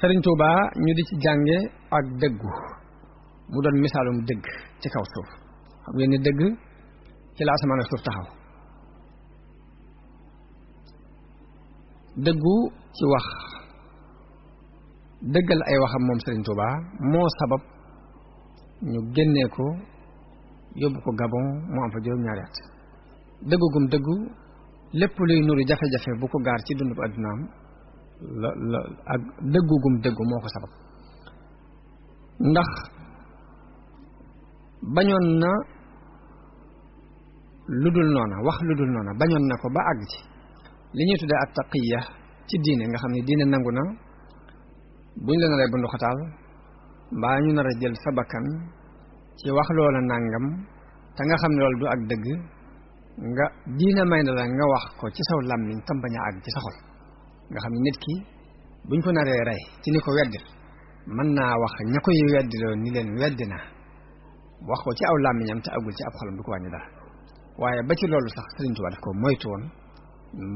Sëriñ Tuubaa ñu di ci jànge ak dëggu mu doon misaalum dëgg ci kaw suuf xam ngeen dëgg ci la asamaan suuf taxaw dëggu ci wax dëggal ay waxam moom Sëriñ Tuubaa moo sabab ñu génnee ko yóbbu ko Gabon mu am fa juróom-ñaari at dëggugum dëggu lépp luy nuru jafe-jafe bu ko gaar ci dundub addunaam la la ak dëggugum dëggu moo ko sabab ndax bañoon na lu dul noona wax lu dul noona bañoon na ko ba àgg ci li ñuy tuddee ak taqiya ci diine nga xam ne diine nangu na buñ la naree bundu xataal mbaa ñu nar a jël sa bakkan ci wax loola nàngam te nga xam ne loolu du ak dëgg nga diine may na la nga wax ko ci saw làmmiñ tam bañ àgg ci sa xol nga xam nit ki buñ ko naree rey ci ni ko weddi mën naa wax ña koy weddiloo ni leen weddi naa wax ko ci aw làmmiñam te agul ci ab xolam du ko wàññi dara waaye ba ci loolu sax Sëriñ Tuubaa daf ko woon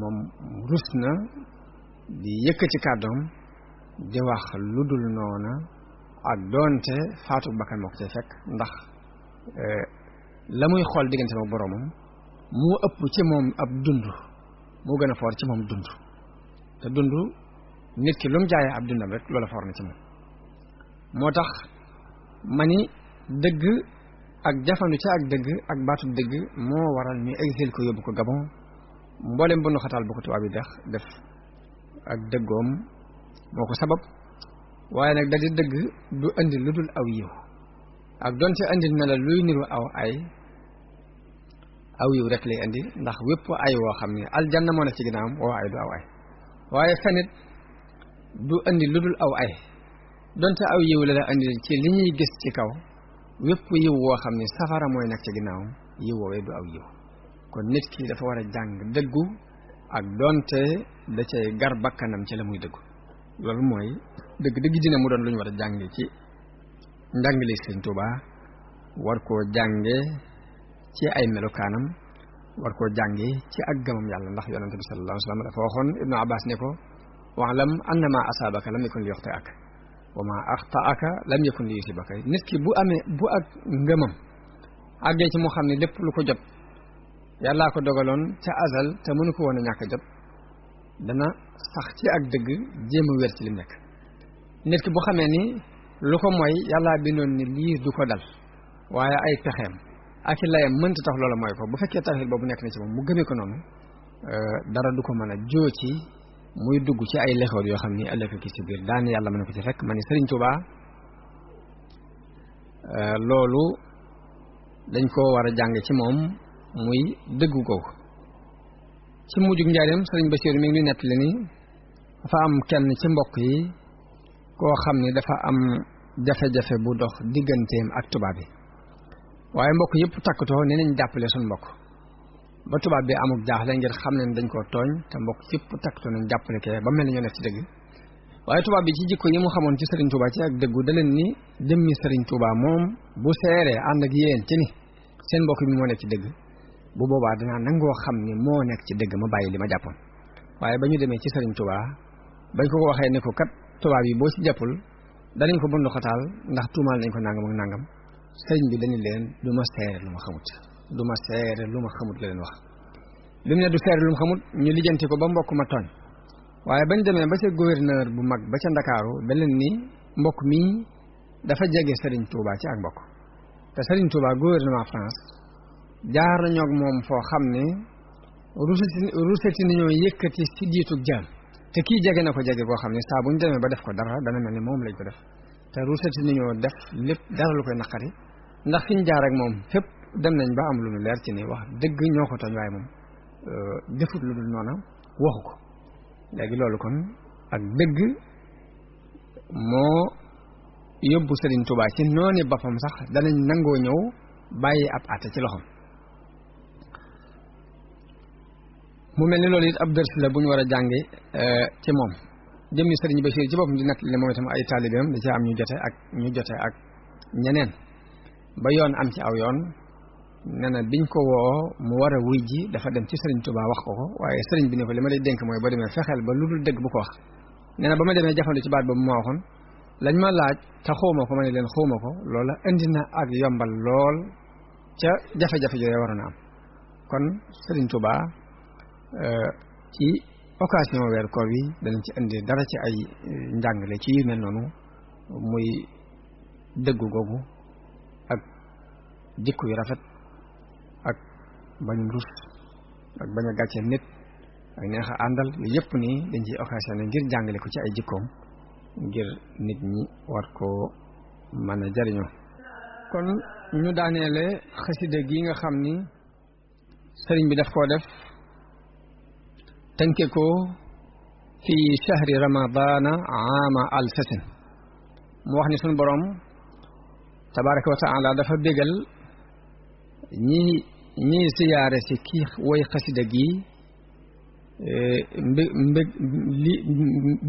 moom rus na di yëkkati kàddoom di wax lu dul noona ak doonte faatu bakkan moo ko cay fekk ndax e, la muy xool diggante ma boromam moo ëpp ci moom ab dund moo gën a foor ci moom dund te dund nit ki lu mu jaayee ab dundam rek loola for na ci moom moo tax ma ni dëgg ak jafandu ci ak dëgg ak baatu dëgg moo waral ñu exil ko yóbbu ko Gabon mboole bu nu xataal bu ko tubaab yi dex def ak dëggoom moo ko sabab waaye nag dadi dëgg du indi lu dul aw yiw ak donte indi na la luy niru aw ay aw yiw rek lay indi ndax wépp ay woo xam ne aljanna moo ne ci ginnaawam woo ay du aw ay waaye fenit du andi lu dul aw ay donte aw yiw la la andi ci li ñuy gis ci kaw wépp yiw woo xam ni safara mooy nekk ci ginnaawam yiw woowee du aw yiw kon nit ki dafa war a jàng dëggu ak donte da cay gar bakkanam ci la muy dëggu loolu mooy dëgg dëgg dina mu doon lu ñu war a jàng ci njàngale Sëñ Tuubaa war koo jànge ci ay melokaanam war koo jànge ci ak gëmam yàlla ndax yonente bi sallallahu alayhi wa sallam dafa waxoon ibnu abbas ne ko waalam anna ma asaabaka lam yakun li yoxte ak wa ma axtaaka lam yakun li yusibaka nit ki bu amee bu ak ngëmam àggee ci mu xam ne lépp lu ko jot yàllaa ko dogaloon ca azal te mënu ko woon ñàkk jot dana sax ci ak dëgg jéem a ci lim nekk nit ki bu xamee ni lu ko mooy yàllaa bindoon ni lii du ko dal waaye ay pexeem ak i layam mënta tax loola mooy ko bu fekkee tawxiid boobu nekk na ci moom mu gëmee ko noonu euh, dara du ko mën a joo ci muy dugg ci ay lexoor yoo xam ni ëllëg ki ci biir daan yàlla mën ko ci fekk ma ni Sëriñ Tuubaa euh, loolu dañ ko war a jàng ci moom muy ko googu ci mujjug njaareem Sëriñ ba si mi ngi nettali ni dafa am kenn ci mbokk yi koo xam ni dafa am jafe-jafe bu dox digganteem ak tubaab yi waaye mbokk yëpp takkatoo nee nañ jàppale suñu mbokk ba tubaab bi amul jaaxle ngir xam ne dañ koo tooñ te mbokk yëpp takkatoo nañ jàppale kee ba mel ne ñoo nekk ci dëgg waaye tubaab bi ci jikko yi mu xamoon ci Serigne Touba ci ak dëggu da leen ni jëmmi Serigne Touba moom bu seeree ànd ak yéen ci ni seen mbokk bi moo nekk ci dëgg bu boobaa danaa nangoo xam ni moo nekk ci dëgg ma bàyyi li ma jàppoon waaye ba ñu demee ci Serigne Touba bañ ko ko waxee ne ko kat tubaab yi boo ci jàppul danañ ko bund xataal ndax tuumaal nañ ko nangam nangam sëriñ bi dañu leen du ma seere lu ma xamut du ma seere lu ma xamut la leen wax li mu ne du seere lu ma xamut ñu lijjanti ko ba mbokk ma tooñ waaye bañ demee ba ca gouverneur bu mag ba ca ndakaaru da leen ni mbokk mii dafa jege sëriñ tuubaa ci ak mbokk te sëriñ Touba gouvernement France jaar nañoo ak moom foo xam ne ruseti ruseti nañoo yëkkati si diitu jaam te kii jege na ko jege koo xam ne saa bu ñu demee ba def ko dara dana mel ni moom lañ ko def te ruusati nañoo def lépp dara lu koy naqari ndax fi ñu jaar ak moom fépp dem nañ ba am lu ñu leer ci ni wax dëgg ñoo ko tooñ waaye moom euh, defut lu dul noona waxu ko léegi loolu kon ak dëgg moo yóbbu Sëriñ Tuubaa ci nooni boppam sax danañ nangoo ñëw bàyyi ab àtte ci loxoom mu mel ni loolu it ab dërs la bu ñu war a jàngi euh, ci moom jëmmi sëriñ Bachir ci boppam di nettali ne moom itam ay taalibeem da ci am ñu jote ak ñu jote ak ñeneen ba yoon am ci aw yoon nee na biñ ko woo mu war a wuy ji dafa dem ci sëriñ Touba wax ko ko waaye sëriñ bi ne ko li ma lay dénk mooy boo demee fexeel ba lu dul dëgg bu ko wax nee ba ma demee jafandi ci baat mu ma waxoon lañ ma laaj te xawma ko ma ne leen ma ko loola indi na ak yombal lool ca jafe-jafe yooyu waroon a am kon sëriñ Touba euh, ci occasion weer koor yi danañ ci indi dara ci ay eh, njàngale ci yu mel noonu muy dëggu googu ak jikko yu rafet ak bañ rus ak bañ a gàcceel nit ak neex àndal yooyu yëpp nii dañ ciy occasion ne ngir jàngale ko ci ay jikkoom ngir nit ñi war koo mën a jariñoo kon ñu daaneele xasida gi nga xam ni sëriñ bi def koo def tënke ko fi chahri ramadana aama alsasin mu wax ni sunu borom tabaraka wa taala dafa bégal ñi ñi siyaare si kii woy xasida gii mb mbég li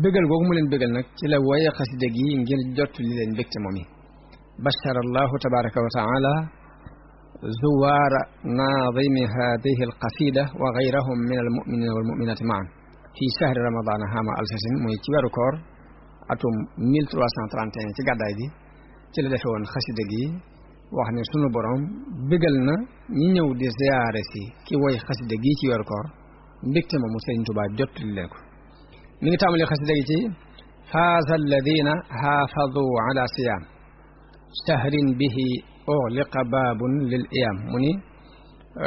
bégal googu mu leen bégal nag ci la woye xasida gii ngir jot li leen mbégte moom yi bachara allahu tabaraka wa taala زوار ناظم هذه القصيدة وغيرهم من المؤمنين والمؤمنات معا في شهر رمضان هاما السسن muy ci weeru koor atum 1331 ci gàddaay gi ci la defe woon xasida gi wax ne sunu borom bégal na ñi ñëw di ziyaare si ki woy xasida gi ci weeru koor mbégte ma mu Sëriñ Tuubaa jottali leen ko mi ngi tàmbalee xasida gi ci faaza alladina haafadu ala siyaam shahrin bihi o liqa baabun lil iyam mu ni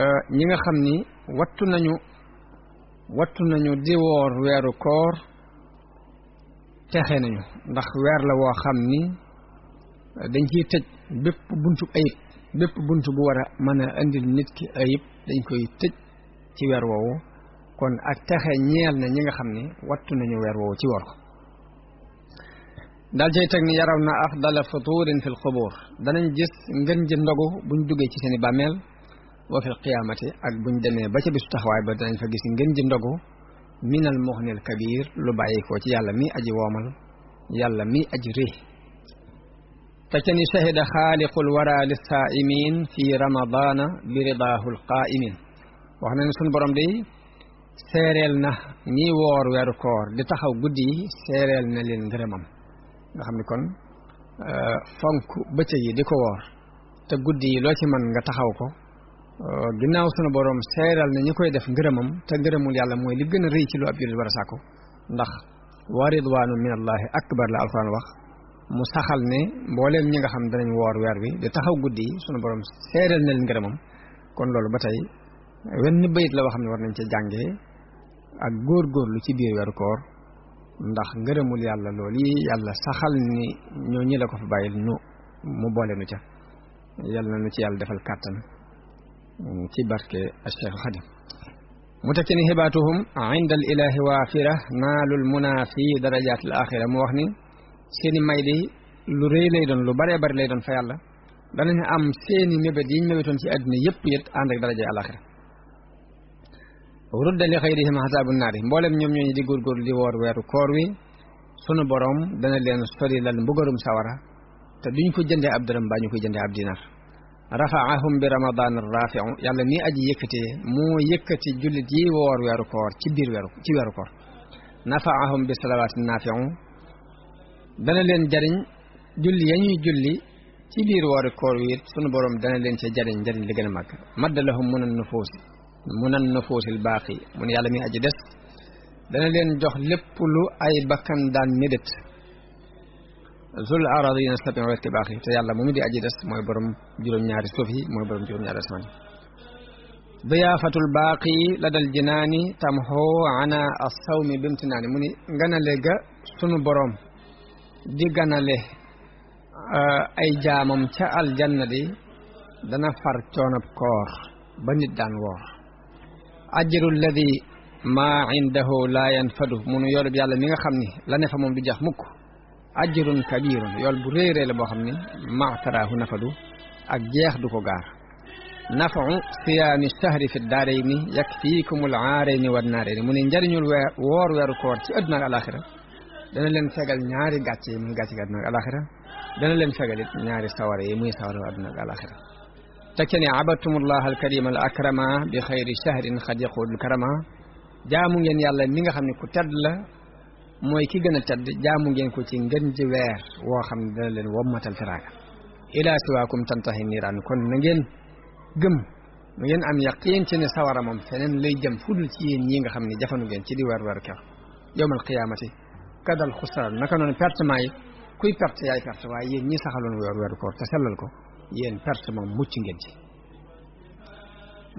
euh, ñi nga xam ni wattu nañu wattu nañu di woor weeru koor texe nañu ndax weer la woo xam ni dañ ciy tëj bépp buntu ayib bépp buntu bu war a mën a indil nit ki ayib dañ koy tëj ci weer woowu kon ak texe ñeel na ñi nga xam ni wattu nañu weer woowu ci woor ko daal cay teg ni yaraw na afdala futurin fi lxubur danañ gis ngën ji ndogu buñ duggee ci seen i bàmmeel wa fi lqiyaamati ak buñ demee ba ca bisu taxawaay ba danañ fa gis ngën ji ndogu minal muxnil kabir lu bàyyikoo ci yàlla mi aji woomal yàlla mi aji ri te ca ni shahida xaaliqul wara lissaa'imin fi ramadana bi ridaahu lqaa'imin wax na ne sunu borom day seereel na ñiy woor weeru koor di taxaw guddi yi seereel na leen ngërëmam nga xam ni kon euh, fonk bëccëg yi di ko woor te guddi yi loo ci mën nga taxaw ko euh, ginnaaw sunu borom seeral ne ñi koy def ngërëmam te ngërëmul yàlla mooy li gën a rëy ci lu ab jullit war a sàkku ndax wa ridwaanu min allahi akbar la alquran wax mu saxal ne mbooleem ñi nga xam danañ woor weer wi di taxaw guddi yi sunu borom seeral na leen ngërëmam kon loolu ba tey wenn bayit la boo xam ne war nañ ci jànge ak góor góor lu ci biir weeru koor ndax ngërëmul yàlla lool yi yàlla saxal ni ñoo ñi la ko fa bàyyil nu mu boole nu ca yàlla na nu ci yàlla defal kàttan ci barke a Cheikh Xadim mu tekki ni xibaatuhum inda al ilahi waafira naalul muna fi darajaat al axira mu wax ni seeni may di lu rëy lay doon lu baree bari lay doon fa yàlla danañ am seeni mébét yiñ mébétoon ci àddina yëpp yët ànd ak daraja al axira rudda li xayrihim xasaabu naari mboolem ñoom ñooñu di góorgóorlu di woor weeru koor wi sunu borom dana leen sori lal mbugarum sawara te duñ ko jëndee ab dërëm baa ñu koy jëndee ab dinar rafaahum bi ramadan rafiu yàlla mii aji yëkkatee moo yëkkati julli yi woor weeru koor ci biir weeru ci weeru koor nafaahum bi salawaati nafiu dana leen jariñ julli ya ñuy julli ci biir wooru koor wi sunu borom dana leen ca jariñ njariñ li gën a màgg munan nafuusil baaqi mu ne yàlla mi aji des dana leen jox lépp lu ay bakkan daan médét zul aradina sabi wetti baax yi te yàlla moomu di aji des mooy borom juróom-ñaari suuf mooy borom juróom-ñaari asmaan yi diyaafatul baaqi la dal jinaani tamxoo ana assawmi bimtinaani mu ni nganale ga sunu borom di ganale eh, ay jaamam ca aljanna di dana far coonab koor ba nit daan woor ajru alladi maa indahu laa yanfadu munu yoolub yàlla mi nga xam ni la ne fa moom du jax mukk ajrun kabirun yool bu la boo xam ni maataraahu nafadu ak jeex du ko gaar nafaau siyaami shahri fi daarayni yakfiikum al aarayni wa naarayni mu ne njariñul weer woor weeru koor ci adduna ak alaxira dana leen fegal ñaari gàcce yi muy gàcce gi adduna ak alaxira dana leen fegal it ñaari sawara yi muy sawara adduna ak alaxira teg ca ne abadtumullah alkarim al akrama bi xayri shahrin xad yaquudul karama jaamu ngeen yàlla mi nga xam ne ku tedd la mooy ki gën a tedd jaamu ngeen ko ci ngën ji weer woo xam ne dana leen wommatal teraanga ila siwaakum tantahi niiraan kon na ngeen gëm na ngeen am yaqiin ci ne sawara moom feneen lay jëm fudul ci yéen yi nga xam ni jafanu ngeen ci di weer weer ker yowmal qiyaamati kadal xusraan naka noonu pertement yi kuy perte yaay perte waaye yéen ñi saxaloon weer weeru koor te sellal ko yéen perte moom mucc ngeen ci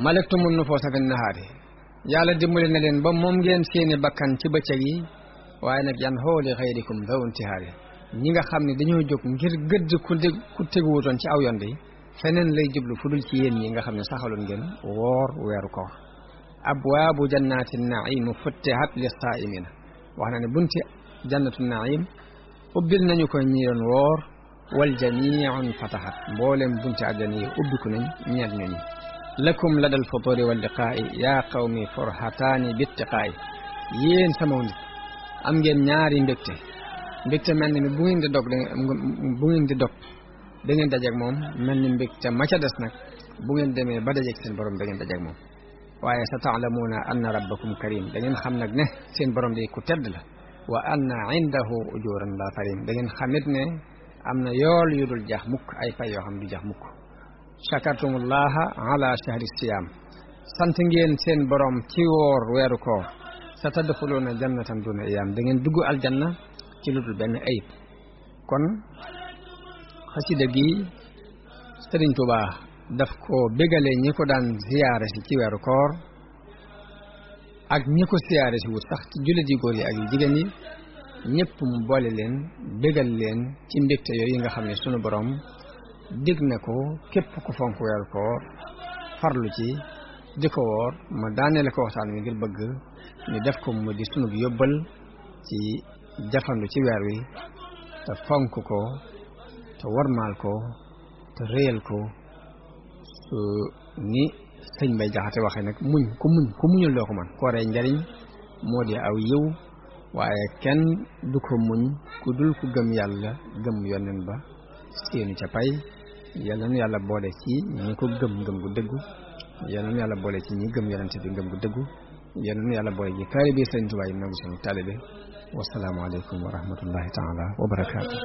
malektumul nu foo safin nahaari yàlla dimbali na leen ba moom ngeen seeni bakkan ci bëccëg yi waaye nag yan xooli xayrikum daw intihaari ñi nga xam ne dañoo jóg ngir gëdd ku dég ku ci aw yoon bi feneen lay jublu fu dul ci yéen ñi nga xam ne saxaloon ngeen woor weeru koor abwaabu jannati naimu futtihat li saa'imina wax na ne bunti jannatu naim ubbil nañu ko ñi woor wal jamiun fatahat mboolem bunti àjjana yi ubbiku nañ ñeel ñu ñi lakum ladal futuri wal liqaa'i yaa qawmi forhataani bittiqaa'i yéen sama nit am ngeen ñaari mbégte mbégte mel ni bu ngeen di dog bu ngeen di dog da ngeen dajeeg moom mel ni mbégte ma ca des nag bu ngeen demee ba dajeeg seen borom da ngeen dajeeg moom waaye sa taalamuuna anna rabbakum karim da ngeen xam nag ne seen borom day ku tedd la wa anna indahu ujuran la farim da ngeen xamit ne am na yool yu dul jax mukk ay fay yoo xam du jax mukk chakartumullaha ala shahri siyaam sant ngeen seen borom ci woor weeru koor sa tadxuluuna jannatan duna iyaam da ngeen dugg aljanna ci lu dul benn ayib kon xasida gi Sëriñ Tuubaa def ko bégalee ñi ko daan ziyaare si ci weeru koor ak ñi ko siyaare si wut sax ci yi góor yi ak yu jigéen yi ñépp mu boole leen bégal leen ci mbégte yooyu nga xam ne sunu borom dig na ko képp ku fonk weeru koor farlu ci di ko woor ma daanee la ko waxtaan wi ngir bëgg ñu def ko mu di sunub yóbbal ci jafandu ci weer wi te fonk ko te warmaal ko te réyal ko su ni sëñ bay jaxate waxee nag muñ ku muñ ku muñul doo ko man kooree njariñ moo di aw yiw waaye kenn du ko muñ ku dul ku gëm yàlla gëm yonen ba séenu ca pay yalnan yàlla boole ci ñi ko gëm ngëm gu dëggu yalnan yàlla boole ci ñi gëm yonente bi ngëm gu dëggu yalnan yàlla boole ci taalibe Sëriñ Tuubaa yi nangu seen taalibe wasalaamu aleykum wa rahmatullahi taala wa barakaatu